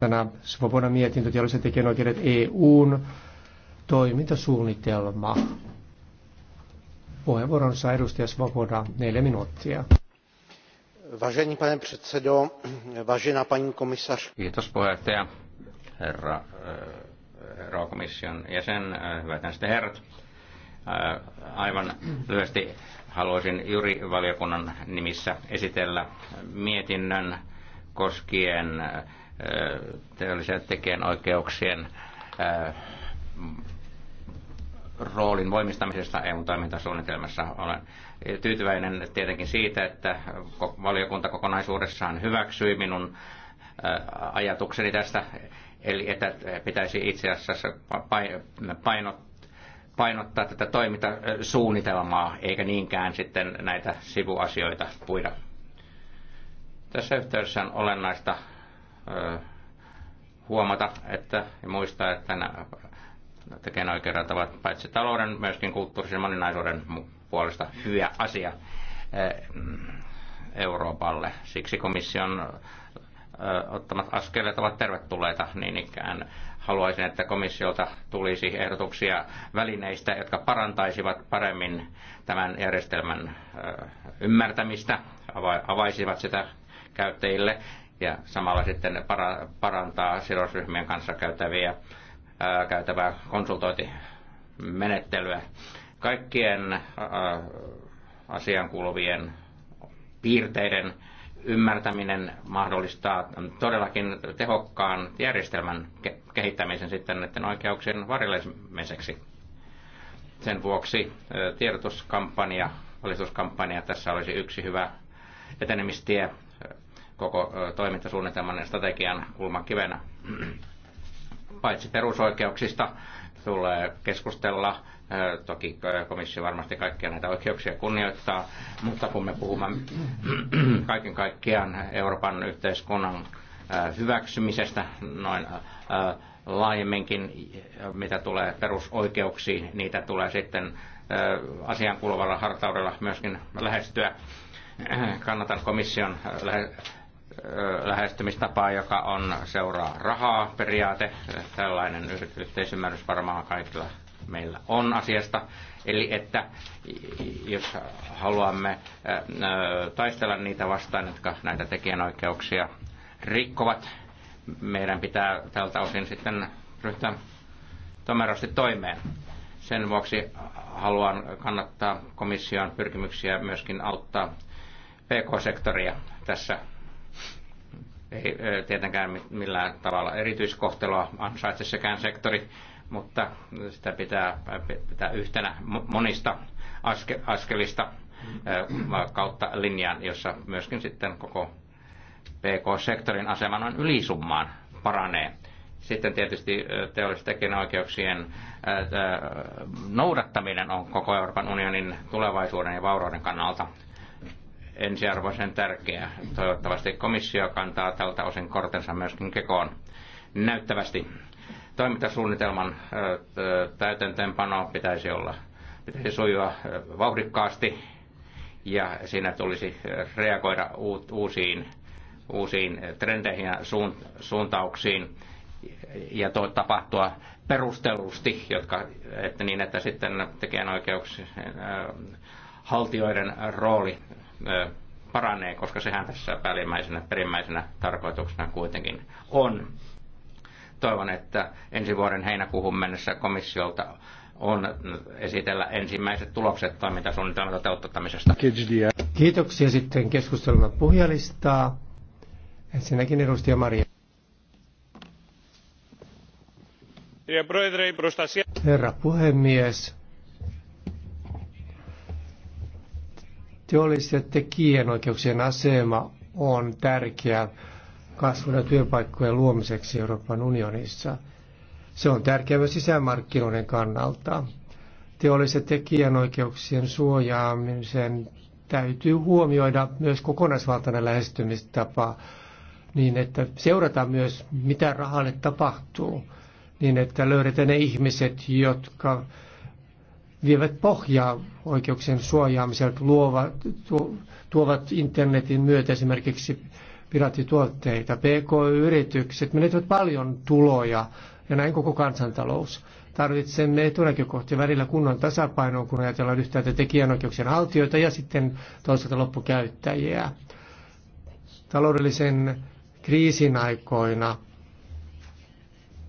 Tänä Svobodan mietintö teollisen tekijänoikeudet EUn toimintasuunnitelma. Puheenvuoron saa edustaja Svoboda, neljä minuuttia. Vážený pane předsedo, vážená paní komisař. Kiitos puheenjohtaja, herra, Eurokomission eh, jäsen, eh, hyvät näistä herrat. Eh, aivan lyhyesti haluaisin Juri-valiokunnan nimissä esitellä mietinnön koskien teollisen tekijänoikeuksien roolin voimistamisesta EU-toimintasuunnitelmassa. Olen tyytyväinen tietenkin siitä, että valiokunta kokonaisuudessaan hyväksyi minun ajatukseni tästä, eli että pitäisi itse asiassa painottaa painottaa tätä toimintasuunnitelmaa, eikä niinkään sitten näitä sivuasioita puida. Tässä yhteydessä on olennaista huomata että, ja muistaa, että nämä tekijänoikeudet ovat paitsi talouden, myöskin kulttuurisen moninaisuuden puolesta hyvä asia Euroopalle. Siksi komission ottamat askeleet ovat tervetulleita niin ikään. Haluaisin, että komissiolta tulisi ehdotuksia välineistä, jotka parantaisivat paremmin tämän järjestelmän ymmärtämistä, avaisivat sitä käyttäjille ja samalla sitten para, parantaa sidosryhmien kanssa käytäviä, ää, käytävää konsultointimenettelyä. Kaikkien ää, asiankuuluvien piirteiden ymmärtäminen mahdollistaa todellakin tehokkaan järjestelmän kehittämisen sitten näiden oikeuksien varjelemiseksi. Sen vuoksi tiedotuskampanja, valistuskampanja tässä olisi yksi hyvä etenemistie koko toimintasuunnitelman ja strategian kulmakivenä. Paitsi perusoikeuksista tulee keskustella, toki komissio varmasti kaikkia näitä oikeuksia kunnioittaa, mutta kun me puhumme kaiken kaikkiaan Euroopan yhteiskunnan hyväksymisestä noin laajemminkin, mitä tulee perusoikeuksiin, niitä tulee sitten asian kuuluvalla hartaudella myöskin lähestyä. Kannatan komission lähestymistapaa, joka on seuraa rahaa periaate. Tällainen yhteisymmärrys varmaan kaikilla meillä on asiasta. Eli että jos haluamme taistella niitä vastaan, jotka näitä tekijänoikeuksia rikkovat, meidän pitää tältä osin sitten ryhtyä tomerosti toimeen. Sen vuoksi haluan kannattaa komission pyrkimyksiä myöskin auttaa PK-sektoria tässä ei tietenkään millään tavalla erityiskohtelua ansaitse sekään sektori, mutta sitä pitää pitää yhtenä monista aske, askelista kautta linjaan, jossa myöskin sitten koko PK-sektorin asema noin ylisummaan paranee. Sitten tietysti teollisten oikeuksien noudattaminen on koko Euroopan unionin tulevaisuuden ja vaurauden kannalta ensiarvoisen tärkeä. Toivottavasti komissio kantaa tältä osin kortensa myöskin kekoon näyttävästi. Toimintasuunnitelman täytäntöönpano pitäisi olla pitäisi sujua vauhdikkaasti ja siinä tulisi reagoida uusiin, uusiin trendeihin ja suuntauksiin ja to, tapahtua perustellusti, jotka, että niin että sitten tekijänoikeuksien haltijoiden rooli paranee, koska sehän tässä päällimmäisenä, perimmäisenä tarkoituksena kuitenkin on. Toivon, että ensi vuoden heinäkuuhun mennessä komissiolta on esitellä ensimmäiset tulokset toimintasuunnitelman toteuttamisesta. Kiitoksia sitten keskustelun puhujalistaa. Ensinnäkin edustaja Maria. Herra puhemies, Teollisten tekijänoikeuksien asema on tärkeä kasvun ja työpaikkojen luomiseksi Euroopan unionissa. Se on tärkeä myös sisämarkkinoiden kannalta. Teollisten tekijänoikeuksien suojaamisen täytyy huomioida myös kokonaisvaltainen lähestymistapa niin, että seurataan myös, mitä rahalle tapahtuu, niin että löydetään ne ihmiset, jotka vievät pohjaa oikeuksien suojaamiselta, luovat, tuovat internetin myötä esimerkiksi piraattituotteita. PK-yritykset menettävät paljon tuloja ja näin koko kansantalous. Tarvitsemme etunäkökohtia välillä kunnon tasapainoon, kun ajatellaan yhtäältä tekijänoikeuksien haltijoita ja sitten toisaalta loppukäyttäjiä. Taloudellisen kriisin aikoina,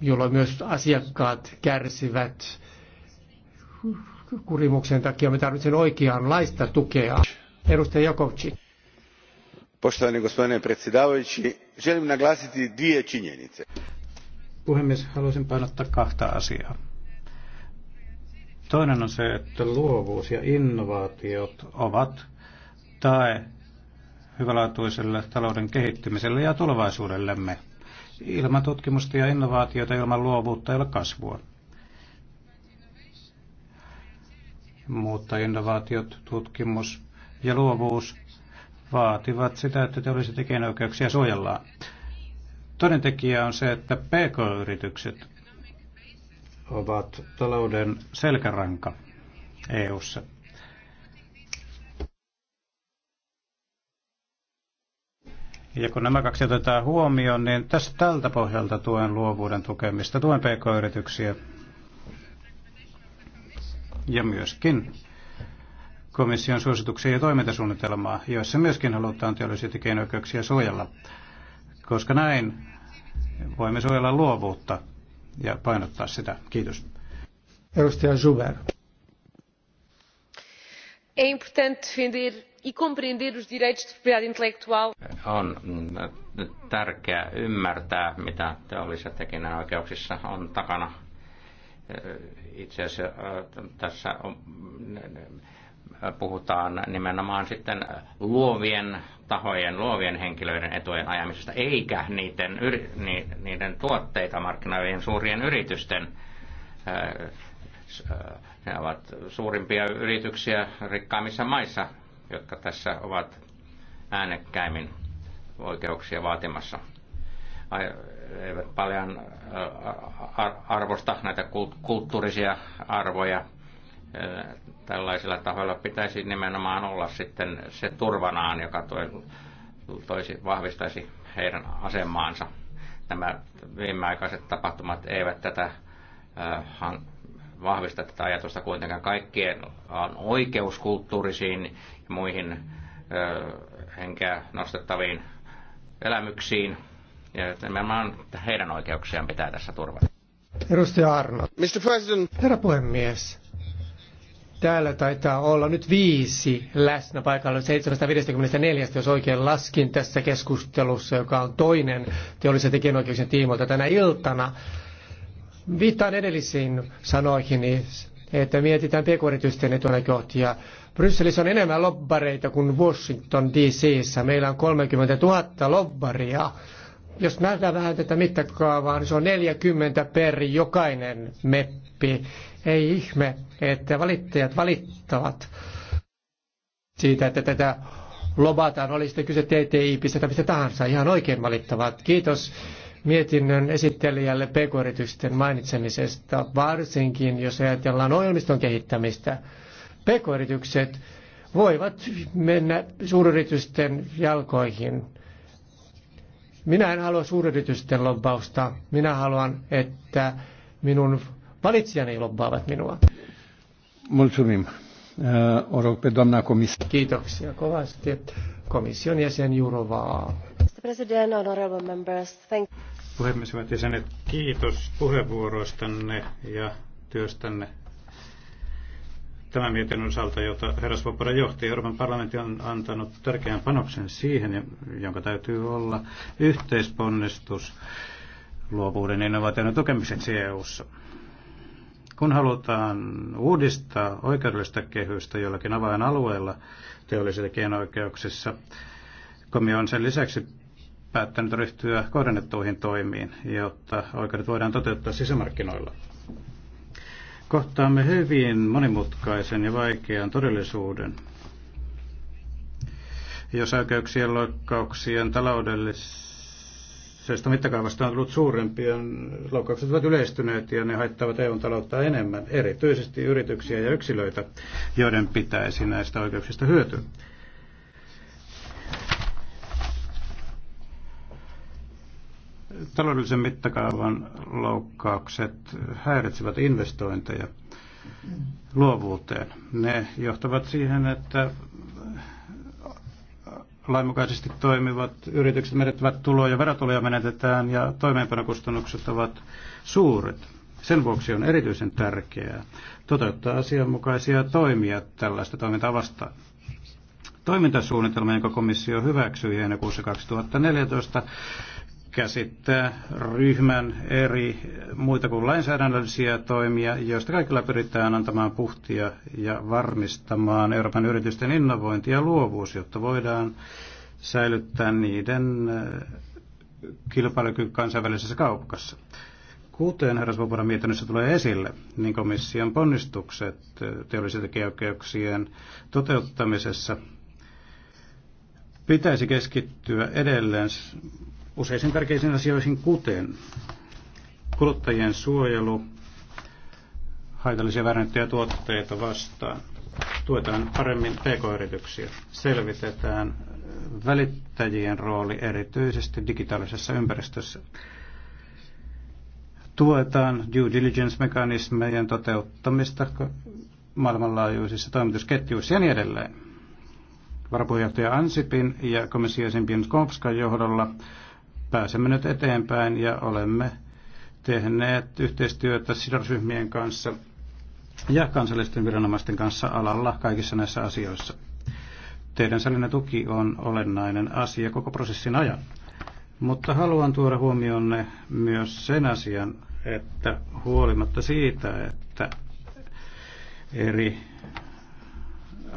jolloin myös asiakkaat kärsivät, kurimuksen takia me tarvitsemme oikeanlaista tukea. Edustaja Jakovčić. Poštovani gospodine predsjedavajući, želim naglasiti dvije činjenice. Puhemies, haluaisin painottaa kahta asiaa. Toinen on se, että luovuus ja innovaatiot ovat tae hyvälaatuiselle talouden kehittymiselle ja tulevaisuudellemme. Ilman tutkimusta ja innovaatiota, ilman luovuutta ei ole kasvua. mutta innovaatiot, tutkimus ja luovuus vaativat sitä, että teollisia tekijänoikeuksia suojellaan. Toinen tekijä on se, että PK-yritykset ovat talouden selkäranka EU:ssa. Ja kun nämä kaksi otetaan huomioon, niin tästä tältä pohjalta tuen luovuuden tukemista, tuen pk-yrityksiä ja myöskin komission suosituksia ja toimintasuunnitelmaa, joissa myöskin halutaan teollisia tekijänoikeuksia suojella, koska näin voimme suojella luovuutta ja painottaa sitä. Kiitos. Edustaja Zuber. E on tärkeää ymmärtää, mitä teollisessa tekijänoikeuksissa on takana itse asiassa tässä on, puhutaan nimenomaan sitten luovien tahojen, luovien henkilöiden etujen ajamisesta, eikä niiden, niiden tuotteita markkinoivien suurien yritysten ne ovat suurimpia yrityksiä rikkaimmissa maissa, jotka tässä ovat äänekkäimmin oikeuksia vaatimassa eivät paljon äh, arvosta näitä kulttuurisia arvoja. Äh, tällaisilla tahoilla pitäisi nimenomaan olla sitten se turvanaan, joka toisi, vahvistaisi heidän asemaansa. Nämä viimeaikaiset tapahtumat eivät tätä äh, vahvista tätä ajatusta kuitenkaan. Kaikkien on oikeus kulttuurisiin ja muihin henkeä nostettaviin elämyksiin ja nimenomaan heidän oikeuksiaan pitää tässä turvata. Edustaja Arno. Mr. President. Herra puhemies. Täällä taitaa olla nyt viisi läsnä paikalla 754, jos oikein laskin tässä keskustelussa, joka on toinen teollisen tekijänoikeuksien tiimoilta tänä iltana. Viittaan edellisiin sanoihin, että mietitään pk-yritysten etunäkökohtia. Brysselissä on enemmän lobbareita kuin Washington DCissä. Meillä on 30 000 lobbaria jos nähdään vähän tätä mittakaavaa, niin se on 40 per jokainen meppi. Ei ihme, että valittajat valittavat siitä, että tätä lobataan, oli sitten kyse TTIPistä tai mistä tahansa, ihan oikein valittavat. Kiitos mietinnön esittelijälle pk mainitsemisesta, varsinkin jos ajatellaan ohjelmiston kehittämistä. pk voivat mennä suuryritysten jalkoihin. Minä en halua suuryritysten lobbausta. Minä haluan, että minun valitsijani lobbaavat minua. Mulțumim. Eh, o rog pe doamna Kiitoksia kovasti. Komission jäsen Jurovaa. Puhemies, hyvät jäsenet, kiitos puheenvuoroistanne ja työstänne tämän mietinnön osalta, jota herras Vopora johti. Euroopan parlamentti on antanut tärkeän panoksen siihen, jonka täytyy olla yhteisponnistus luovuuden innovaation tukemiseksi EU-ssa. Kun halutaan uudistaa oikeudellista kehystä jollakin avainalueella teollisissa keinoikeuksissa, komi on sen lisäksi päättänyt ryhtyä kohdennettuihin toimiin, jotta oikeudet voidaan toteuttaa sisämarkkinoilla. Kohtaamme hyvin monimutkaisen ja vaikean todellisuuden. Jos oikeuksien loikkauksien taloudellisesta mittakaavasta on tullut suurempia, loukkaukset ovat yleistyneet ja ne haittavat EUn taloutta enemmän, erityisesti yrityksiä ja yksilöitä, joiden pitäisi näistä oikeuksista hyötyä. taloudellisen mittakaavan loukkaukset häiritsevät investointeja luovuuteen. Ne johtavat siihen, että lainmukaisesti toimivat yritykset menettävät tuloja, ja verotuloja menetetään ja toimeenpanokustannukset ovat suuret. Sen vuoksi on erityisen tärkeää toteuttaa asianmukaisia toimia tällaista toimintaa vastaan. Toimintasuunnitelma, jonka komissio hyväksyi heinäkuussa 2014, käsittää ryhmän eri muita kuin lainsäädännöllisiä toimia, joista kaikilla pyritään antamaan puhtia ja varmistamaan Euroopan yritysten innovointi ja luovuus, jotta voidaan säilyttää niiden eh, kilpailukyky kansainvälisessä kaupassa. Kuten herrasvapauden mietinnössä tulee esille, niin komission ponnistukset eh, teollisuusoikeuksien toteuttamisessa pitäisi keskittyä edelleen useisiin tärkeisiin asioihin, kuten kuluttajien suojelu haitallisia väärennettyjä tuotteita vastaan. Tuetaan paremmin pk-yrityksiä. Selvitetään välittäjien rooli erityisesti digitaalisessa ympäristössä. Tuetaan due diligence-mekanismejen toteuttamista maailmanlaajuisissa toimitusketjuissa ja niin edelleen. Varapuheenjohtaja Ansipin ja komissiojäsen Pienskovskan johdolla Pääsemme nyt eteenpäin ja olemme tehneet yhteistyötä sidosryhmien kanssa ja kansallisten viranomaisten kanssa alalla kaikissa näissä asioissa. Teidän salinen tuki on olennainen asia koko prosessin ajan. Mutta haluan tuoda huomionne myös sen asian, että huolimatta siitä, että eri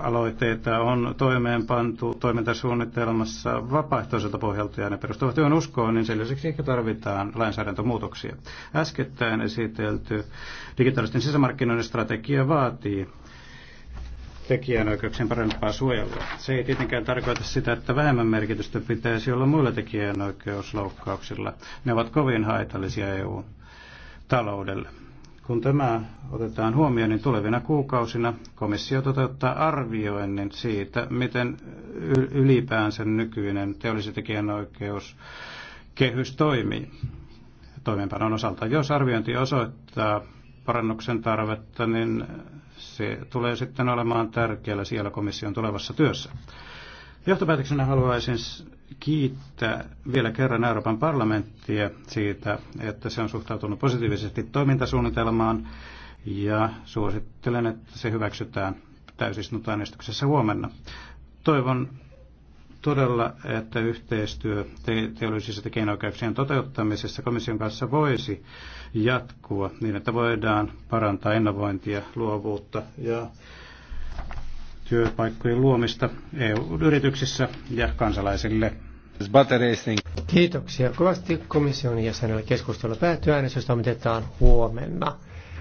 aloitteita on toimeenpantu toimintasuunnitelmassa vapaaehtoiselta pohjalta ja ne perustuvat työn uskoon, niin sen lisäksi ehkä tarvitaan lainsäädäntömuutoksia. Äskettäin esitelty digitaalisten sisämarkkinoiden strategia vaatii tekijänoikeuksien parempaa suojelua. Se ei tietenkään tarkoita sitä, että vähemmän merkitystä pitäisi olla muilla tekijänoikeusloukkauksilla. Ne ovat kovin haitallisia EU-taloudelle. Kun tämä otetaan huomioon, niin tulevina kuukausina komissio toteuttaa arvioinnin siitä, miten ylipäänsä nykyinen teollisen tekijänoikeus kehys toimii toimeenpanon osalta. Jos arviointi osoittaa parannuksen tarvetta, niin se tulee sitten olemaan tärkeällä siellä komission tulevassa työssä. Johtopäätöksenä haluaisin kiittää vielä kerran Euroopan parlamenttia siitä, että se on suhtautunut positiivisesti toimintasuunnitelmaan ja suosittelen, että se hyväksytään täysistuntoäänestyksessä huomenna. Toivon todella, että yhteistyö te- teollisissa keinoikeuksien toteuttamisessa komission kanssa voisi jatkua niin, että voidaan parantaa innovointia, luovuutta ja työpaikkojen luomista EU-yrityksissä ja kansalaisille. Kiitoksia kovasti komission jäsenelle. Keskustelu päättyy äänestys toimitetaan huomenna.